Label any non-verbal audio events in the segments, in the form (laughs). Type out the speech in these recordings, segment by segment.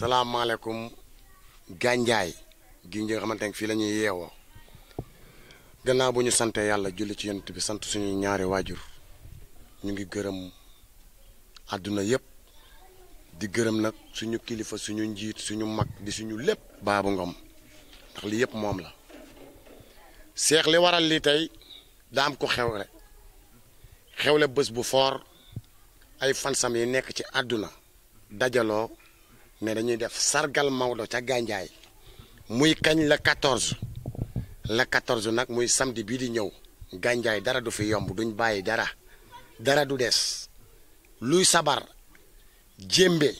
salaamaaleykum gànjaay gi nga xamante ne fii lañuy ñuy yeewoo gannaaw bu ñu santee yàlla julli ci yonent bi sant suñuy ñaari waajur ñu ngi gërëm àdduna yépp di gërëm nag suñu kilifa suñu njiit suñu mag di suñu lépp baabu ngom ndax lii yépp moom la seex waral li tey daa am ko xewle xewle bés bu foor ay fansam yi nekk ci àdduna dajaloo ne dañuy def sargal Maodo ca Gandiaye muy kañ la 14 la 14 nag muy samedi bii di ñëw Gandiaye dara du fi yomb duñ bàyyi dara dara du des luy sabar jéembe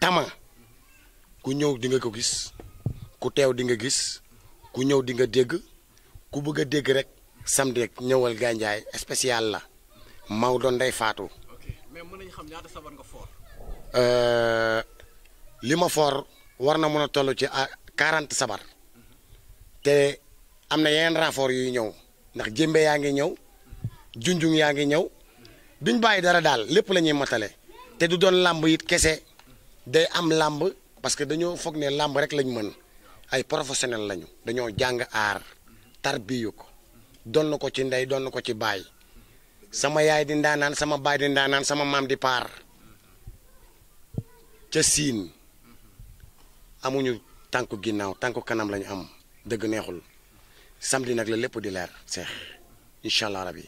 tama ku ñëw dinga ko gis ku teew di nga gis ku ñëw dinga dégg ku bëgg a dégg rek samedi rek ñëwal Gandiaye spécial la Maodo Ndeye Fatou. ok li ma for war na mën a toll ci à ah, quarante sabar te am na yeneen raafoor yuy ñëw ndax jëmbe yaa ngi ñëw junjung yaa ngi ñëw duñ bàyyi dara daal lépp la ñuy matale te du doon làmb it kese day am làmb parce que dañoo foog ne làmb rek lañ mën ay professionnel lañu dañoo jàng aar tarbiyu ko doon na ko ci ndey doon na ko ci baay sama yaay di ndaanaan sama baay di ndaanaan sama maam di paar ca siin amuñu tànku ginnaaw tànku kanam lañu am dëgg neexul samedi nag la lépp di leer seex incha allah rabi.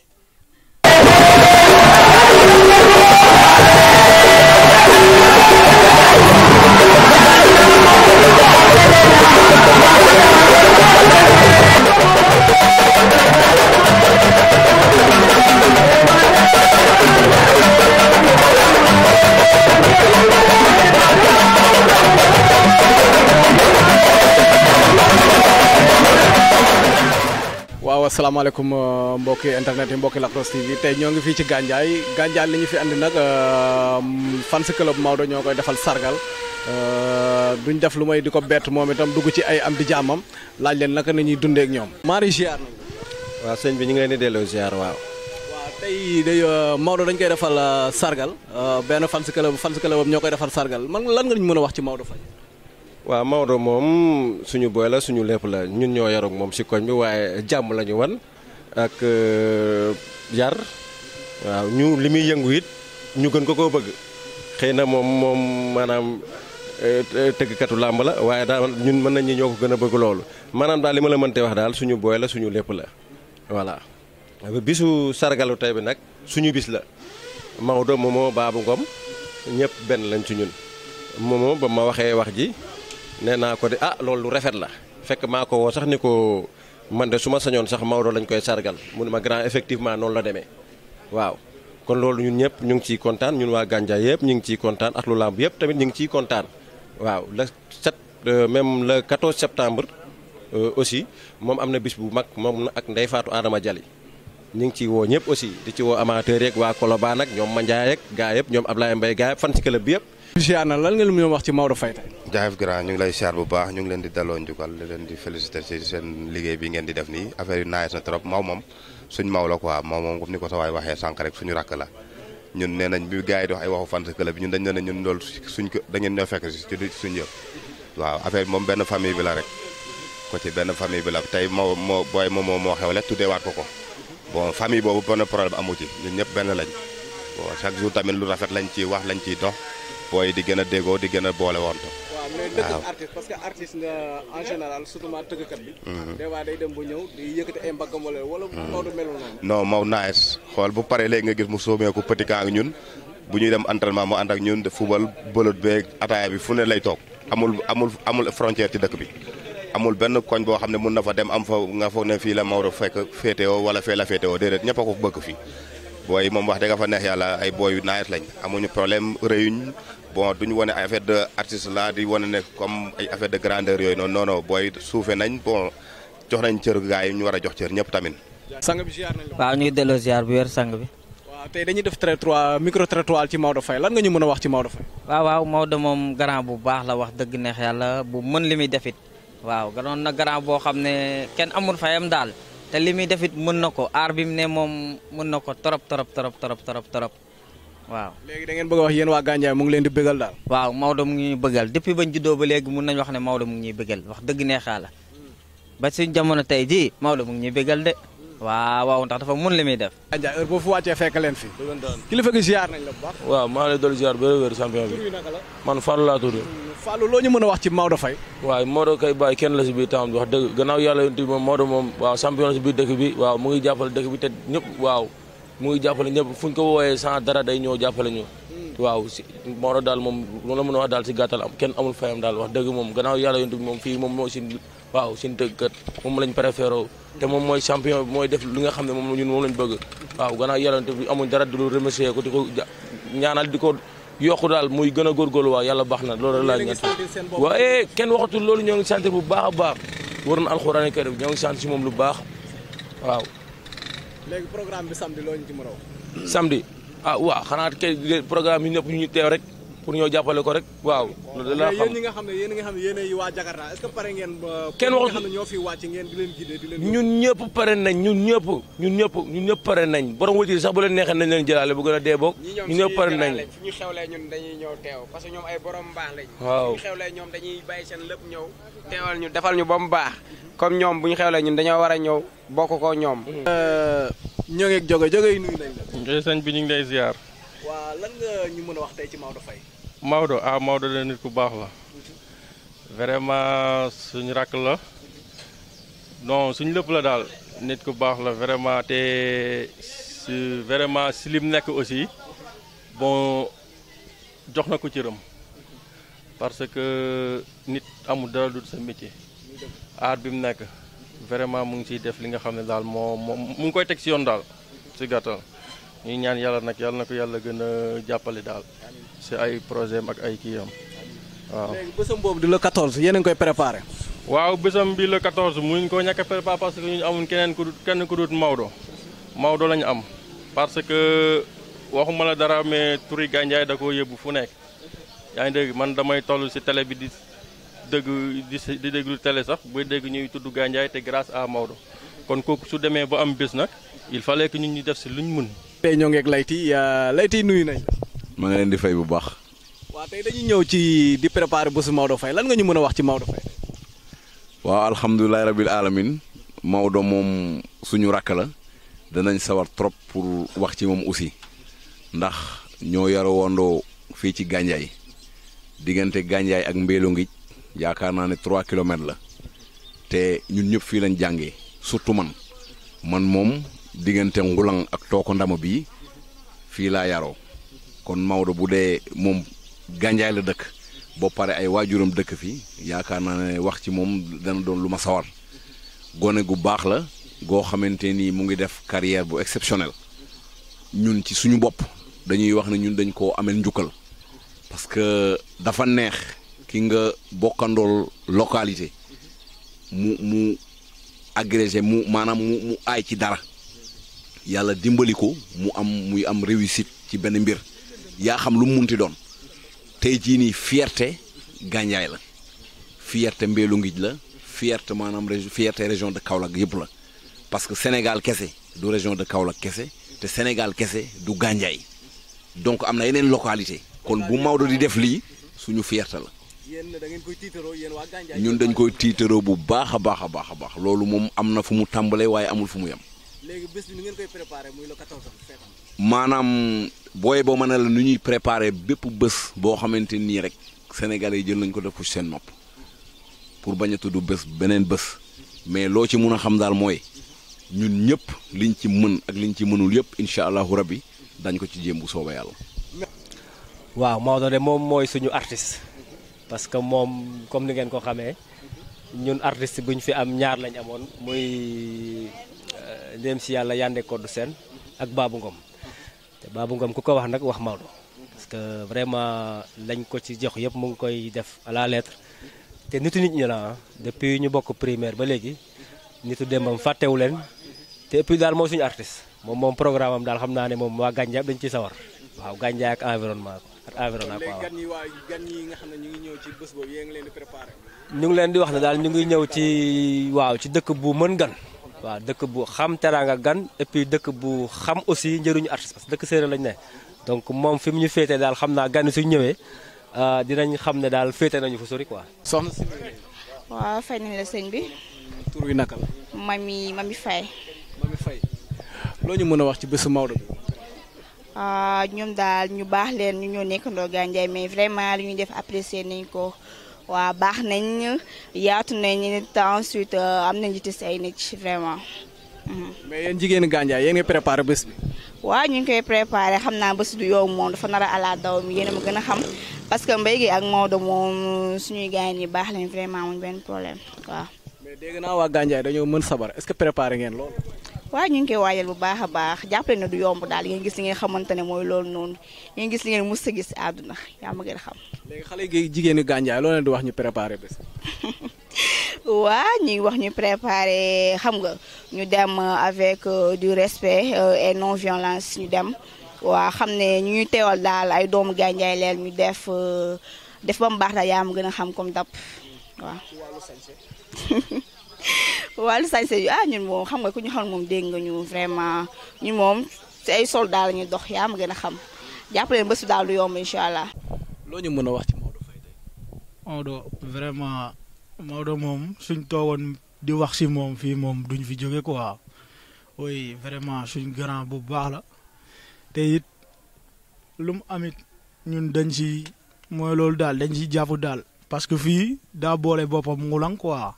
salaamaaleykum euh, mbokki internet yi mbokki Lac-Rose TV tey ñoo ngi fii ci Gandiaye Gandiaye li ñu fi andi nag euh, fans club Maodo ñoo koy defal sargal euh, duñ def lu may di ko bett moom itam dugg ci ay am di jaamam laaj leen naka la ñuy dundee ñoom. Marie ziar nañu. waaw sëñ bi ñu ngi leen di delloo ziar waaw. waaw tey de Maodo dañ koy defal sargal benn fans club fans club ñoo koy defal sargal man lan nga ñu mën a wax ci Maodo Faye. wa mawdo mom suñu boy la suñu lepp la ñun ñoo yarog mom si koñ bi waye eh, jamm lañu wan ak eh, yar wa ñu limi yëngu it ñu gën ko ko bëgg xeyna mom mom manam maanaam eh, katu lamb la waye da ñun mën nañu ñoko gëna bëgg lool manam da lima la mënte wax dal suñu boy la suñu lepp la voilà bisu sargalu tay bi nak suñu bis la mawdo momo kom ngom ñepp ben lañ ci ñun momo ba ma waxe wax ji nee naa ko de ah lolou lu rafet la fekk mako wo sax niko man de suma sañon sax mawdo lañ koy sargal mu ma grand effectivement non la demee waaw. kon lolou ñun ñëpp ñu ngi ci contane ñun wa ganja yëpp ñu ngi ci contane ak lu làmb yëpp tamit ñu ngi ci contane waaw le 7 euh, même le 14 septembre euh, aussi mom amna bis bu mak mom ak ndey Fatou Adama jali ñu ngi ciy woo ñëpp aussi di ci wo amateur rek wa Colobane ak ñom manjaay rek gaay yëpp ñom Ablaye mbay gaay fan ci club bi siyaar na lan nga lu mu wax ci Maodo Faye tey jaajëf grand ñu ngi lay siyaar bu baax ñu ngi leen di delloo njukkal di leen di féliciter ci seen liggéey bi ngeen di def nii affaire yi naaj na trop maw moom suñ maw la quoi maw moom comme sànq rek suñu rakk la ñun nee nañ bi gars yi ay waxu fans club bi ñun dañ ne ne ñun loolu suñ ko da ngeen ñoo fekk ci suñ yëpp waaw affaire bi moom benn famille bi la rek ko ci benn famille bi la tey moo moo booy moom moo moo xewle waat ko ko bon famille boobu benn problème amu ci ñun ñëpp benn lañ bon chaque tamit lu rafet lañ ciy wax lañ ciy dox booy di gën a déggoo di gën a boole woon. waaw mais dëgg artiste ma tëggkat hmm. hmm. xool bu paree léegi nga gis mu soomeeku petit camp ñun bu ñuy dem entraînement mu ànd ak ñun de football bëlot beeg ataaya bi fu ne lay toog amul amul amul frontière ci dëkk bi. amul benn koñ boo xam ne mun na fa dem am fa nga foog ne fii la Maodo fekk féetewoo wala fee la féetewoo déedéet ñëpp ko bëgg fii booy moom wax dëgg fa neex yàlla ay booy yu naaj lañ amuñu problème rëyuñ bon duñu wone ay de artiste la di wane ne comme ay affaire de grandeur yooyu noonu non non booy suufe nañ bon jox nañ cër gaa yi ñu war a jox cër ñëpp tamit. sang bi ziar nañ la. waaw ñu ngi delloo ziar bu wér sang bi. waaw tey def trottoir micro trottoir ci Maodo Faye lan nga ñu mën a wax ci Maodo Faye. waaw waaw Maodo moom grand bu baax la wax dëgg neex yàlla bu mën li muy defit waaw ganoon na grand boo xam ne kenn amul fayam daal te li muy defit mën na ko aar bi mu ne moom mën na ko trop trop trop trop trop trop. waaw léegi da ngeen bëgg wax yéen waa Gandiaye mu ngi leen di bëggal daal waaw Maodo mu ngi bëggal depuis bañ juddoo ba léegi mun nañ wax ne Maodo mu ngi ñuy bëggal wax dëgg neexaa la hmm. ba suñ jamono tey jii Maodo mu ngi ñuy bëggal de hmm. waaw waaw ndax dafa mun li muy def Gandiaye heure boo fu wàccee fekk leen fi kilifa gi ziar nañ la bu baax waaw maa lay doon ziar bëri wér champion bi man Fallou laa tudd hmm, Fallou loo ñu mën a wax ci Maodo Fay waaw Maodo kay baay kenn la si biir taam bi wax dëgg gannaaw yàlla yonti moom Maodo moom waaw champion si biir dëkk bi waaw mu ngi jàppale dëkk bi te ñëpp waaw mu ngi jàppale ñëpp fu ko wooyee sans dara day ñëw jàppale ñu waaw si Maodo daal moom lu la mën a wax daal si gàttal am kenn amul fayam daal wax dëgg moom gannaaw yàlla yontu bi moom fii moom moo sin waaw sin tëggkat moom lañ préféré mooy champion mooy def li nga xam ne moom ñun moom lañ bëgg waaw gannaaw yàlla yontu bi amuñ dara du lu ko di ko ñaanal di ko yokku daal muy gën a góorgóorlu waaw yàlla baax na loolu laa ñaan waaye kenn waxatul loolu ñoo ngi sant bu baax a baax war na alxuraan karim ñoo ngi sant si moom lu baax waaw léegi programme bi samedi loo ñu ci mën a ah waaw xanaa kay programme yi ñëpp ñu ñu teew rek pour ñoo jàppale ko rek waaw. loolu la xam yéen ñi nga xam ne yéen nga xam ne yéenay waa Jakarta est-ce que pare ngeen. kenn waxul xam ne ñoo fi wàcc ngeen di leen guider di ñëpp nañ ñun ñëpp ñun ñëpp ñun nañ borom wëccëg sax bu leen neexee nañ leen jëlaale bu gën a dee boog. ñun ñëpp pare nañ ñu ñoom fi ñu xewlee dañuy ñëw teew parce que ñoom ay borom baax lañ. waaw fi ñu xewlee ñoom dañuy bàyyi seen lépp ñëw teewal ñu defal ñu ba mu baax comme ñoom bu ñu xewlee ñun dañoo war a ñëw bokk ko ñoom. Euh, ñoo ngi jóge jóge yi nuyu nañ la. sëñ bi ñu ngi lay ziar. waa lan nga ñu mën a wax tey ci Maodo Faye. Maodo ah Maodo de nit ku baax la. vraiment suñu rakk la. non suñ lépp la daal. nit ku baax la vraiment te si vraiment si lim nekk aussi bon jox na ko cëram. parce que nit amul dara du sa métier. aar bi mu nekk vraiment mu ngi ciy def li nga xam ne daal moo moom mu ngi koy teg ci yoon daal ci gàttal ñuy ñaan yàlla nag yàlla na ko yàlla gën a jàppale daal ci ay projet am ak ay kii am waaw. léegi bésam boobu di le 14 yéen a koy préparé. waaw bii la le 14 muñ ko ñàkk a préparé parce que ñu amul keneen ku kenn ku dut Maodo Maodo la ñu am parce que waxuma la dara mais turi gànjaay da ko yóbbu fu nekk yaa ngi dégg man damay toll ci télé bi dégg di déglu télé sax buy dégg ñuy tudd Gandiaye te grâce à Maodo kon kooku su demee ba am bés nag il fallait que ñun ñu def si lu ñu mun. tey ñoo ngeeg Layti euh, Layti nuyu nañ. ma ngi leen di fay bu baax. waa tey dañuy ñëw ci di préparer bésu Maodo Faye lan nga ñu mën a wax ci Maodo Faye. waaw alhamdulilah rabil alamin Maodo moom suñu rakk la danañ sawar trop pour wax ci moom aussi ndax ñoo yaro wondoo fii ci Gandiaye diggante Gandiaye ak Mbélo Ngij yaakaar naa ne trois kilomètres la te ñun ñëpp fii lañ jàngee surtout man man moom diggante ngulang ak tooko ndama bi fii laa yaroo kon Maodo bu dee moom gànjaay la dëkk boo pare ay waajuram dëkk fi yaakaar naa ne wax ci moom dana doon lu sawar gone gu baax la goo xamante ni mu ngi def carrière bu exceptionnel ñun ci suñu bopp dañuy wax ne ñun dañ koo amel njukkal parce que dafa neex ki nga bokkandoo localité mu mu agrégé mu maanaam mu mu ci dara yàlla dimbali ko mu am muy am réussite ci benn mbir yaa xam lu mu munti doon tey jii nii fierté Gandiaye la fierté Mbéélu Ngij la fierté maanaam fierté région de Kaolack yëpp la parce que Sénégal kese du région de Kaolack kese te Sénégal kese du Gandiaye donc am na yeneen localité kon bu Maodo di def lii suñu fierté la yéen da ngeen koy tiitaroo yéen waa Gandiaye ñun dañ koy tiitaroo bu baax a baax a baax a baax loolu moom am na fu mu tàmbalee waaye amul fu mu yem. léegi bés bi ni ngeen koy préparé muy le 14 septembre. maanaam booy boo mën a la nu ñuy préparé bépp bés boo xamante nii rek sénégalais yi jël nañ ko def ko seen nopp pour bañ a tudd bés beneen bés mais loo ci mun a xam daal mooy ñun ñëpp liñ ci mën ak liñ ci mënul yëpp incha allahu rabbi dañ ko ci jéem bu soobee yàlla. waaw Maodo de moom mooy suñu artiste. parce que moom comme ni ngeen ko xamee ñun artiste bu ñu fi am ñaar lañ amoon muy euh, ndéem si yàlla Yandé Codou Sène ak Babou Ngom te Babou Ngom ku ko wax nag wax Maodo parce que vraiment lañ ko ci jox yëpp mu ngi koy def à la lettre te nitu nit ñi la ah. depuis ñu bokk primaire ba léegi nitu démbam fàttewu leen te et puis daal moo suñ artiste moom moom programme am daal xam naa ne moom waa Gànjaab dañ ciy sawar waaw gàncax ak environnement ak environnement quoi gan yi waa gan yi nga xam ne ñu ngi ñëw ci bés boobu yéen leen di préparé. ñu ngi leen di wax ne daal ñu ngi ñëw ci waaw ci dëkk bu mën gan. waaw dëkk bu xam teraanga gan et puis dëkk bu xam aussi njëriñu artiste parce que dëkk séeréer lañ ne. donc moom fi mu ñu féetee daal xam naa gan yi ñëwee euh, dinañ xam ne daal féete nañu fu sori quoi. soxna si. waaw fay nañ la sëñ bi. tur wi naka la. mami mami Faye. mami Faye loo ñu mën a wax ci bésu Maodo bi. Ah, ñoom daal ñu baax leen ñu ñoo nekkandoo Gandiaye mais vraiment li ñuy def apprécier nañ ko waa baax nañ yaatu nañ te ensuite euh, am nañ jiite si ay nit vraiment. Mhm. mais yéen jigéenu Gandiaye ya ngi préparé bés bi. waaw ñu ngi koy préparé xam naa bés du yow moom dafa nar a ala daw mi yéen a ma gën a xam parce que mbéy gi ak Maodo moom suñuy gars yi baax lañ vraiment amuñ benn problème waaw. mais dégg naa waa Gandiaye dañoo mën sabar est-ce que préparé ngeen lool. waaw ñu ngi koy waajal bu baax a baax jàppale na du yomb daal ngeen gis li ngeen xamante ne mooy loolu noonu ngeen gis li ngeen mës a gis àdduna yaa ma gën a xam. léegi xale yi jigéenu Gandiaye di wax ñu préparé bés. (laughs) waa ñu wax ñu préparé xam nga ñu dem avec euh, du respect euh, non violence ñu dem waa xam ne ñu ñu teewal daal ay doomu Gandiaye leen ñu def euh, def ba mu baax daal yaa ma gën a xam comme dab waaw. (laughs) (laughs) wal say say ah ñun moom xam nga ku ñu xam mom dégg nga ñu vraiment ñun moom ci ay soldat la ñu dox ya ma gëna xam jàppale leen bésu daal du yomb incha ñu mëna wax ci Maodo Faye tey. Maodo vraiment Maodo mom suñ toogoon di wax ci moom fi moom duñ fi joggé quoi oui vraiment suñ grand bu baax la te yit lu amit ñun dañ ci moy loolu dal dañ ci jappu dal parce que fi da bolé bopam ngulang quoi.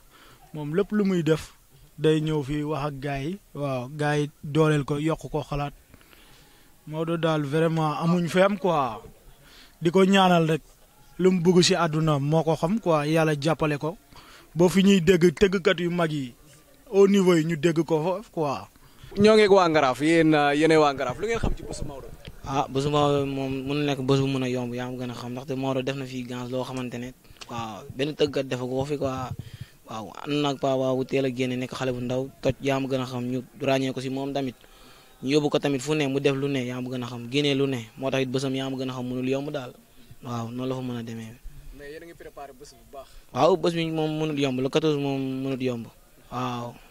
moom lépp lu muy def day ñëw fii wax ak gars yi waaw gars yi dooleel ko yokk ko xalaat Maodo daal vraiment amuñ fem quoi di ko ñaanal rek lu mu bëgg si àdduna moo ko xam quoi yàlla jàppale ko boo fi ñuy dégg tëggkat yu mag yi au niveau yi ñu dégg ko fa quoi. ñoo ngi ak waa Ngaraaf yéen yéenay waa Ngaraaf lu ngeen xam ci bésu Maodo. ah bésu Maodo moom mun na nekk bés bu mën a yomb yaa am gën a xam ndaxte Maodo def na fii gans loo xamante ne waaw benn tëggkat defu waaw ànd naag Paa Babou teel a génne nekk xale bu ndaw toj yaa ma gën a xam ñu ràññee ko si moom tamit ñu yóbbu ko tamit fu ne mu def lu ne yaa ma gën a xam génne lu ne moo tax it bësam yaa ma gën a xam mënul yomb daal waaw noonu la fa mën a demee. mais yéen a ngi préparé bés bu baax. waaw bés bi moom mënul yomb le 14 moom mënul yomb waaw.